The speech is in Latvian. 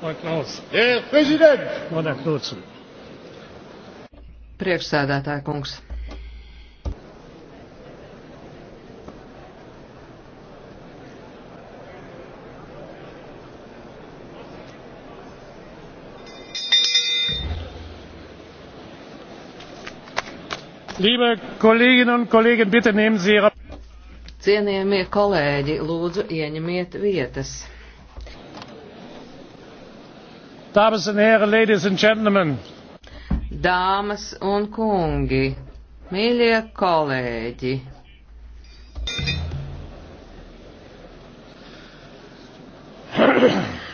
Herr Klaus. Herr Präsident! Herr Knudsen. Priekšsēdētāja kungs. Liebe Kolleginnen und Kollegen, bitte nehmen Sie Ihre Cienījamie kolēģi, lūdzu ieņemiet vietas. Dāmas un herri, ladies and gentlemen. Dāmas un kungi, mīļie kolēģi. Ahem.